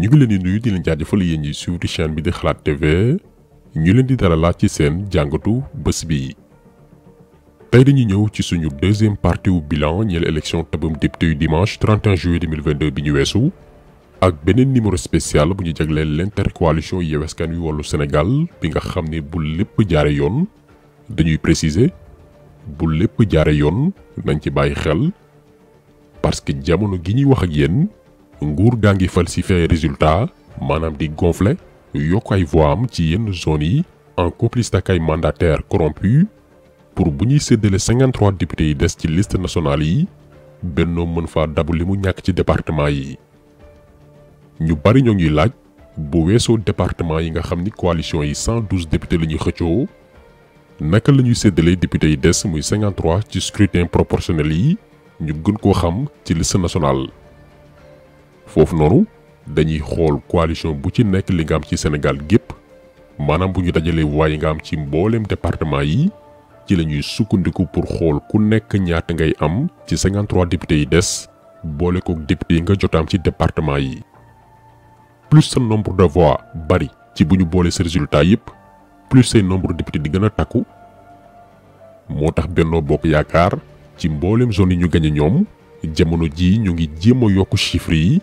ñu ngi leen di nuyu di leen jaajëfal yéen ñiy suivre chaîne bi di xalaat TV ñu leen di dalalaat ci seen jàngatu bés bi. tey dañuy ñëw ci suñu deuxième partie wu bilan ñeel élection tabam député yu dimanche 31 juillet 2022 bi ñu weesu. ak beneen numéro spécial bu ñu jagleel l'intercoalition Yewwi Askan Wi Wallu senegal bi nga xam ne bu lépp jaare yoon dañuy préciser bu lépp jaare yoon nañ ci bàyyi xel parce que jamono gi ñuy wax ak yéen. nguur gaa ngi falsifié résultat maanaam di gonfler yokk ay voix am ci yenn zones yi en complice ak ay mandataires corrompus pour bu ñuy séddale 53 députés yi des ci liste nationale yi Benno mën faa dabu li mu ñàkk ci département yi. ñu bari ñoo ngi laaj bu weesoo département yi nga xam ni coalition yi 112 députés la ñuy xëccoo naka la ñuy séddale députés yi des muy 53 ci scrutin proportionnel yi ñu gën koo xam ci liste nationale. foofu noonu dañuy xool coalition bu ci nekk li nga am ci Sénégal gépp maanaam bu ñu dajalee voix yi nga am ci mbooleem département yi ci la ñuy sukkandiku pour xool ku nekk ñaata ngay am ci 53 députés yi des boole kook député yi nga jot am ci département yi. plus sa nombre de voix bari ci bu ñu boole sa résultat yëpp plus say nombre de di gën a takku moo tax bennoo Bokk Yaakaar ci mbooleem zone yi ñu gañe ñoom jamono jii ñu ngi jéem a yokk chiffre yi.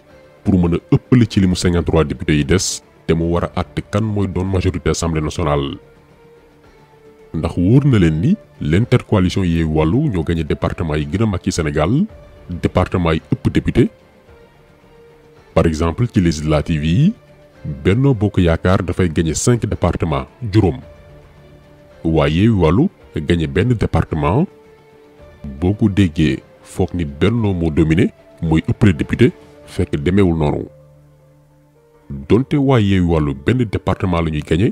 pour mën a ëppale ci li mu 53 députés yi des te mu war a àtt kan mooy doon majorité assemblée nationale. ndax wóor na leen ni l'intercoalition yi wàllu ñoo gagné département yi gën a mag ci senegal département yi ëpp député par exemple ci législative yi Benno Bokk Yaakaar dafay gagné cinq département juróom waaye wàllu gagné benn département boo ko déggee foog ni Benno moo dominé mooy ëppale député fekk demeewul noonu donte waa Yewwi Wàllu benn département la ñuy gañe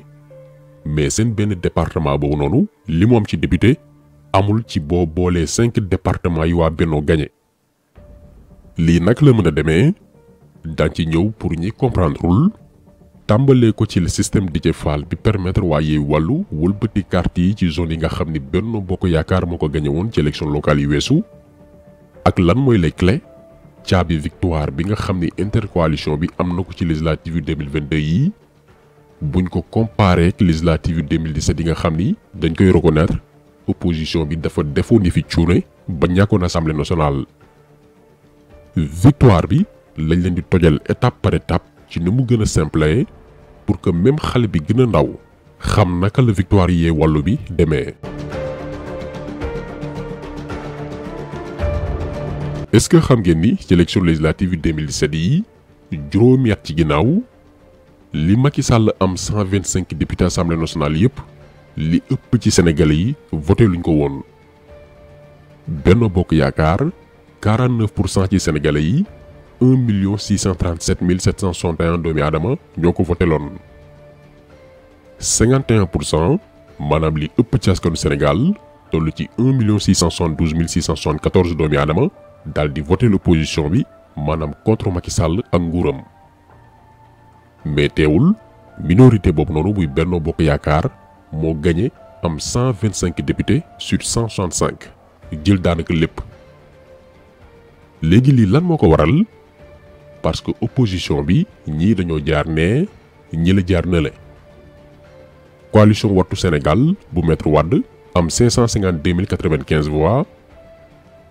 mais seen benn département boobu noonu li mu am ci député amul ci boo boolee cinq départements yi waa Benno gañe lii nag la mën a demee daan ci ñëw pour ñi comprendrewul tàmbalee ko ci le système Déthié faal bi permettre waa Yewwi Wàllu wëlbati carte yi ci zone yi nga xam ni Benno Bokk Yaakaar moo ko gañe woon ci élection locale yi weesu ak lan mooy les clés caabi victoire bi nga xam ni intercoalition bi am na ko ci législative yu 2022 yi buñ ko comparé ak législative yu 2017 yi nga xam ni dañ koy reconnaitre opposition bi dafa defoon ni fi cuune ba ñàkkoon assemblée nationale. victoire bi lañ leen di tojal étape par étape ci ni mu gën a simple pour que même xale bi gën a ndaw xam naka la victoire yee wàllu bi demee. est-ce que xam ngeen ni ci élection législative yu 2017 yi juróomi at ci ginnaaw li Macky Sall am 125 députés assemblée nationale yëpp li ëpp ci Sénégalais yi voté ñu ko woon. Benno Bokk Yaakaar 49 pour cent ci Sénégalais yi 1 million 637 mille 761 doomi aadama ñoo ko voté loon. 51 pour cent maanaam li ëpp ci askanu Sénégal toll ci 1 doomi aadama. daal di voté l'opposition bi maanaam contre Macky Sall ak nguuram mais teewul minorité boobu noonu buy Benno Bokk Yaakaar moo gagné am 125 députés sur 165 jël daanaka lépp léegi lii lan moo ko waral parce que opposition bi ñii dañoo jaar nee ñi la jaar ne le coalition Wattu Sénégal bu Maître Wade am 552 095 voix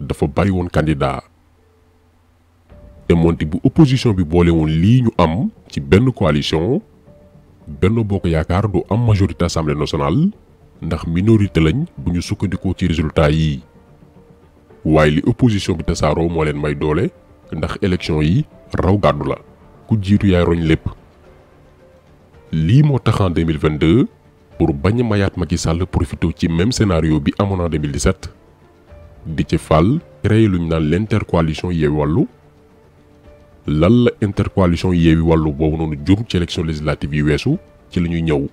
dafa bari woon candidat te moonte bu opposition bi boole woon lii ñu am ci benn coalition benn bokk yaakaar du am majorité assemblée nationale ndax minorité lañ bu ñu sukkandikoo ci résultat yi waaye li opposition bi tasaaroo moo leen may doole ndax élection yi raw gàddu la ku jiitu yaay roñ lépp lii moo tax en 2022 pour bañ a mayaat Macky Sall profité ci même scénario bi amoon en 2017 Déthié Fall créé lu ñu naan l'intercoalition Yewwi Wallu lan la intercoalition Yewwi Wallu boobu noonu jur ci élection législative yi weesu ci la ñuy ñëw.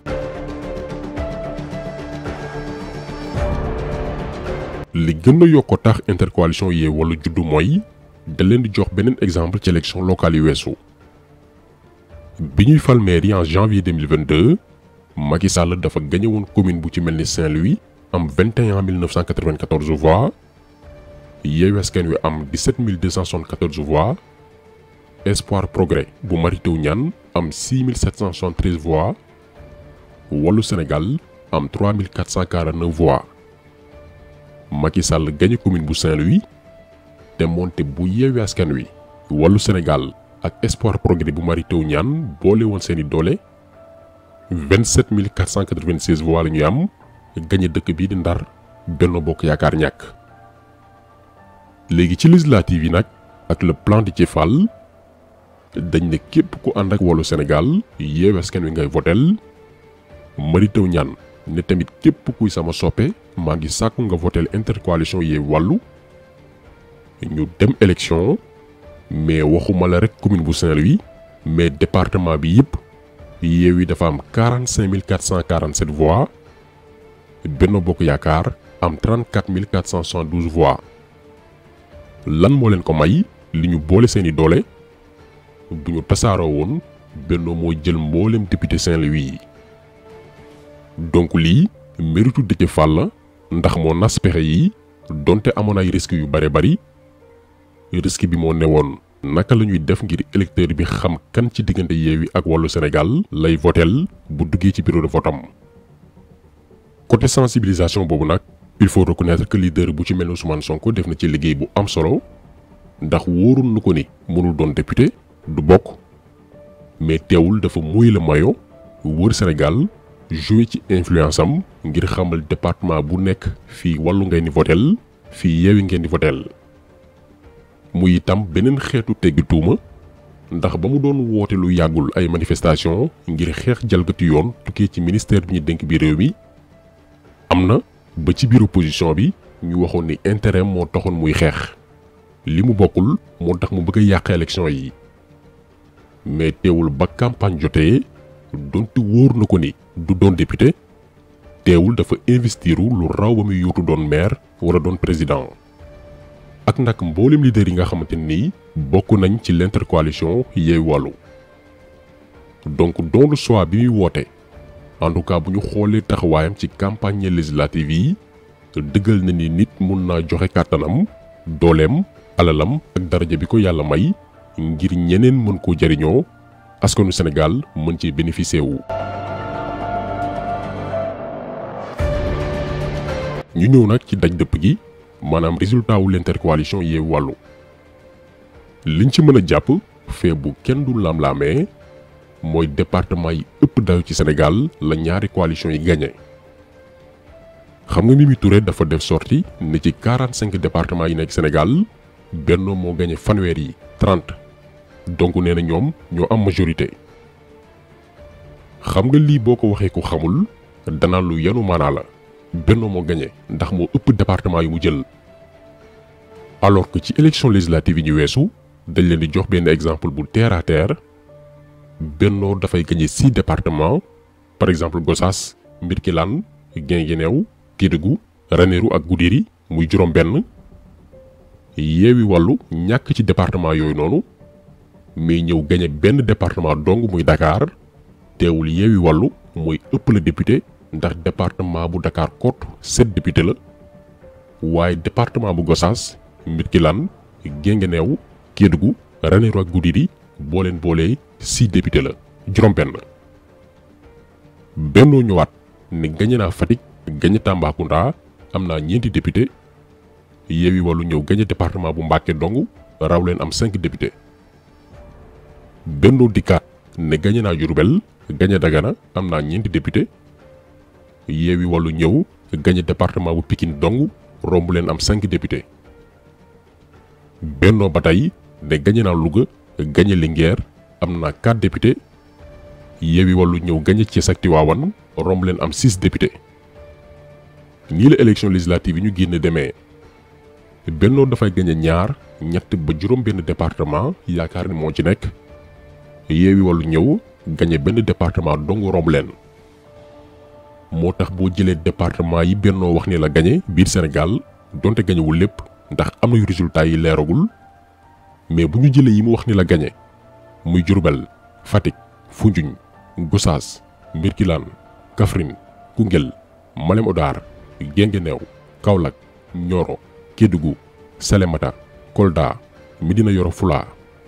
li gën a yokk tax intercoalition Yewwi Wallu juddu mooy da leen di jox beneen exemple ci élection locale yi weesu. bi ñuy fal maire yi en janvier 2022 Macky Sall dafa gañe woon commune bu ci mel ni Saint-Louis am 21 994 voix. Yewwi Askan Wi am 17 274 voix Espoir Progrès bu Mary Teuw Niane am 6 773 voix Wallu Sénégal am 3 449 voix Macky Sall gagné commune bu Saint-Louis te moonte bu Yewwi Askan Wi Wallu Sénégal ak Espoir Progrès bu Mary Teuw Niane boole woon seeni doole 27 496 voix la ñuy am gagné dëkk bii di Ndar Benno Bokk Yaakaar ñàkk léegi ci législative yi nag ak le plan ci Fall dañ ne képp ku ànd ak wàllu Sénégal Yewwi Askan Wi ngay votel Mary Teuw Niane ne tamit képp kuy sama soppe maa ngi sàkku nga votel intercoalition Yewwi wàllu ñu dem élection mais waxuma la rek commune bu Saint-Louis mais département bi yëpp Yewwi dafa am 45 447 voix Benno Bokk Yaakaar am 34 472 voix lan moo leen ko may li ñu boole seeni doole bu ñu tasaaroo woon Benno moo jël mboolem député Saint-Louis yi donc lii méritu Déthié Fall la ndax moo naspexe yi donte amoon ay risques yu bare bari risque bi moo newoon naka la ñuy def ngir électeur bi xam kan ci diggante Yewwi ak Wallu Sénégal lay voteel bu duggee ci bureau de vote am côté sensibilisation boobu nag il faut reconnaître que leader bu ci mel ni Ousmane Sonko def na ci liggéey bu am solo ndax wóorul nu ko ni mënul doon député du bokk mais teewul dafa muy la mayo wër senegal joué ci influence am ngir xamal département bu nekk fii wàllu ngeen di votel fii yeewi ngeen di votel muy itam beneen xeetu teggi tuuma ndax ba mu doon woote lu yàggul ay manifestation ngir xeex jalgati yoon tukkee ci ministère bi ñu dénk bi réew mi am na ba ci biir opposition bi ñu waxoon ni intérêt moo taxoon muy xeex li mu bokkul moo tax mu bëgg a yàq élection yi mais teewul ba campagne jotee donte wóor na ko ni du doon député teewul dafa investiru lu raw ba muy yóotu doon maire wala doon président ak nag mboolem leader yi nga xamante ni bokk nañ ci l'intercoalition Yewwi Wallu donc doon choix bi muy woote en tout cas bu ñu xoolee taxawaayam ci campagne législative yi dëggal na ni nit mun naa joxe kàttanam dooleem alalam ak daraja bi ko yàlla may ngir ñeneen mën koo jariñoo askanu Sénégal mën ci bénéficier wu. ñu ñëw nag ci daj dëpp gi maanaam résultat wu l'intercoalition yee wàllu liñ ci mën a jàpp fee bu kenn du laam-laamee mooy département yi ëpp dayo ci Sénégal la ñaari coalition yi gagné. xam nga Mimi Touré dafa def sorti ne ci 45 départements yi nekk senegal Benno moo gagné fanweer yi 30 donc nee na ñoom ñoo am majorité. xam nga lii boo ko waxee ko xamul danaa lu yanu maanaa la moo gagné ndax moo ëpp département yi mu jël. alors que ci élection législative yi ñu weesu dañ leen di jox benn exemple bu terre à Benno dafay gagné six départements par exemple Gossas Mbirkilaan Guinguinéo Kédougou Ranérou ak Goudiri muy juróom-benn Yewwi Wàllu ñàkk ci département yooyu noonu mais ñëw gagné benn département dong muy dakaar teewul Yewwi Wàllu mooy ëpp la député ndax département bu Dakar kott sept député la waaye département bu Gossas Mbirkilaan Guinguinéo Kédougou Ranérou ak Goudiri boo leen boolee six député la juróom-benn bennoo ñëwaat ne gañe naa Fatick gañe Tambacounda am naa ñeenti député yi Wallu ñëw gañe département bu Mbàkke dong raw leen am cinq député bennoo dikkaat ne gañe naa Jurbel gañe Dagana am naa ñeenti député Yewwi Wallu ñëw gañe département bu Pikine dong romb leen am cinq député bennoo ba tey ne gañe naa Louga gagné Linguère am na 4 députés Yewwi Wallu ñëw gagné Thiès ak Tivaouane romb leen am 6 députés nii la élection législative yi ñu génn demee bennoo dafay gañe ñaar ñett ba juróom benn département yaakaar ni moo ci nekk Yewwi Wallu ñëw gañe benn département dong romb leen moo tax boo jëlee département yi bennoo wax ni la gagné biir Sénégal donte gagné lépp ndax am na yu résultats yi leeragul mais bu ñu jëlee yi mu wax ni la gañe muy Diourbel Fatick Foundiougne Gossas Birkilane Kaffrine Koungheul Malem Hodar Guinguinéo Kaolack Nioro Kédougou Salémata Kolda Médina Yoro Foulah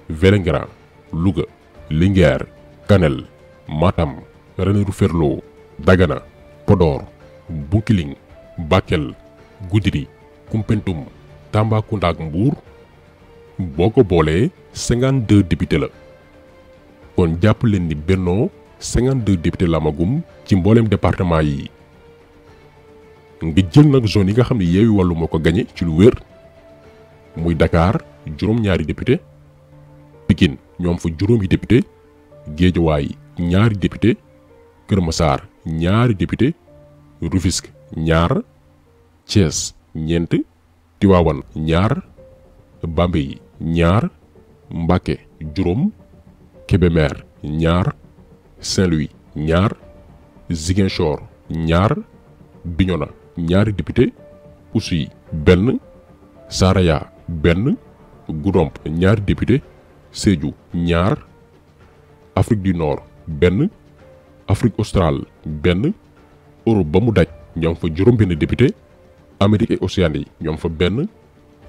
Vélingara Louga Linguère Kanel Matam Ranérou Dagana Podor Bounkiling Bakel Goudiri Koumpentoum Tambacounda ak Mbour boo ko boolee 52 député la kon jàpp leen ni bennoo 52 député la magum ci mbooleem département yi nga jël nag zone yi nga xam ne Yewwi Wàllu moo ko gañe ci lu wér muy Dakar juróom-ñaari député Pikine ñoom fa juróomi député Géejawaay ñaari député Kër Massar ñaari député Rufisque ñaar Thiès ñeent Tivaouane ñaar Bambey ñaar Mbacké juróom Kébémer ñaar Saint-Louis ñaar Ziguinchor ñaar Bignona ñaari député Oussouye benn Saraya benn Goudomp ñaari député Sédhiou ñaar Afrique du Nord benn Afrique australe benn Europe ba mu daj ñoom fa juróom benn député Amérique et Océanie yi ñoom fa benn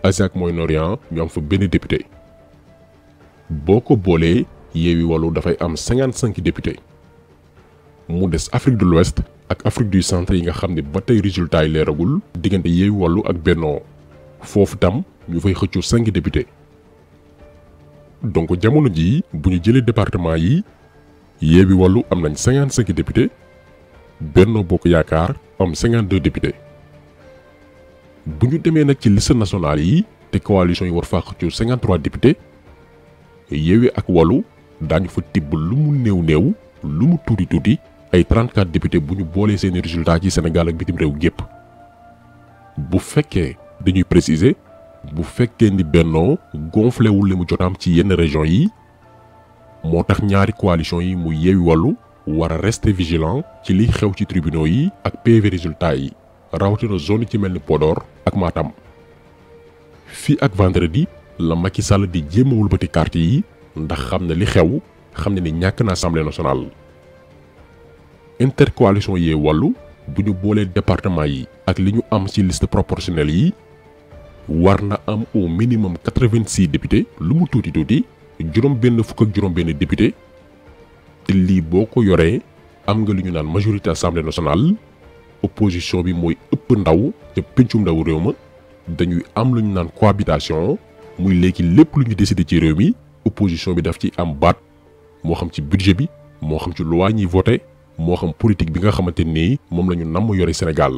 ASAC Moyen-Orient ñu am fa benn député boo ko boolee Yewwi Wallu dafay am 55 député mu des Afrique de l'Ouest ak Afrique du centre yi nga xam ne ba tey résultat yi leeragul diggante Yewwi Wallu ak Bennoo foofu itam ñu fay xëccoo 5 député donc jamono ji bu ñu jëlee département yi Yewwi Wallu am nañ 55 député Benno Bokk Yaakaar am 52 député bu ñu demee nag ci liste nationale yi te coalition yi war faa xëccoo 53 députés Yewwi ak Wallu daañu fa tibb lu mu néew néew lu mu tuuti tuuti ay 34 députés bu ñu boolee seeni résultats ci Sénégal ak bitim réew gépp bu fekkee dañuy préciser bu fekkee ni Benno gonflé wul li mu jotaam ci yenn région yi moo tax ñaari coalition yi mu Yewwi Wallu war a rester ci liy xew ci tribunaux yi ak PV résultats yi. rawatina zone ci mel ni podoor ak maatam fii ak vendredi la Macky Sall di jéem a wëlbati carte yi ndax xam na li xew xam na ni ñàkk na assemblée nationale. intercoalition yee wàllu bu ñu boolee département yi ak li ñu am ci liste proportionnelle yi war na am au minimum quatre-vingt-six députés lu mu tuuti tuuti juróom benn fukk ak juróom benn député te lii boo ko yoree am nga li ñu naan majorité assemblée nationale. opposition bi mooy ëpp ndaw te pencum ndaw réew ma dañuy am lu ñu naan cohabitation muy léegi lépp lu ñu décidé ci réew mi opposition bi daf ci am baat moo xam ci budget bi moo xam ci loi ñuy voté moo xam politique bi nga xamante nii moom la ñu namm yore Sénégal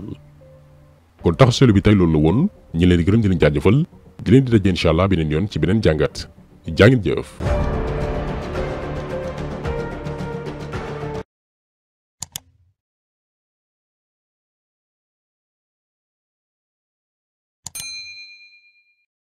kon tax solo bi tey loolu la woon ñi leen di gërëm di leen jaajëfal di leen di daje incha allah beneen yoon ci beneen jàngat jàngit jëf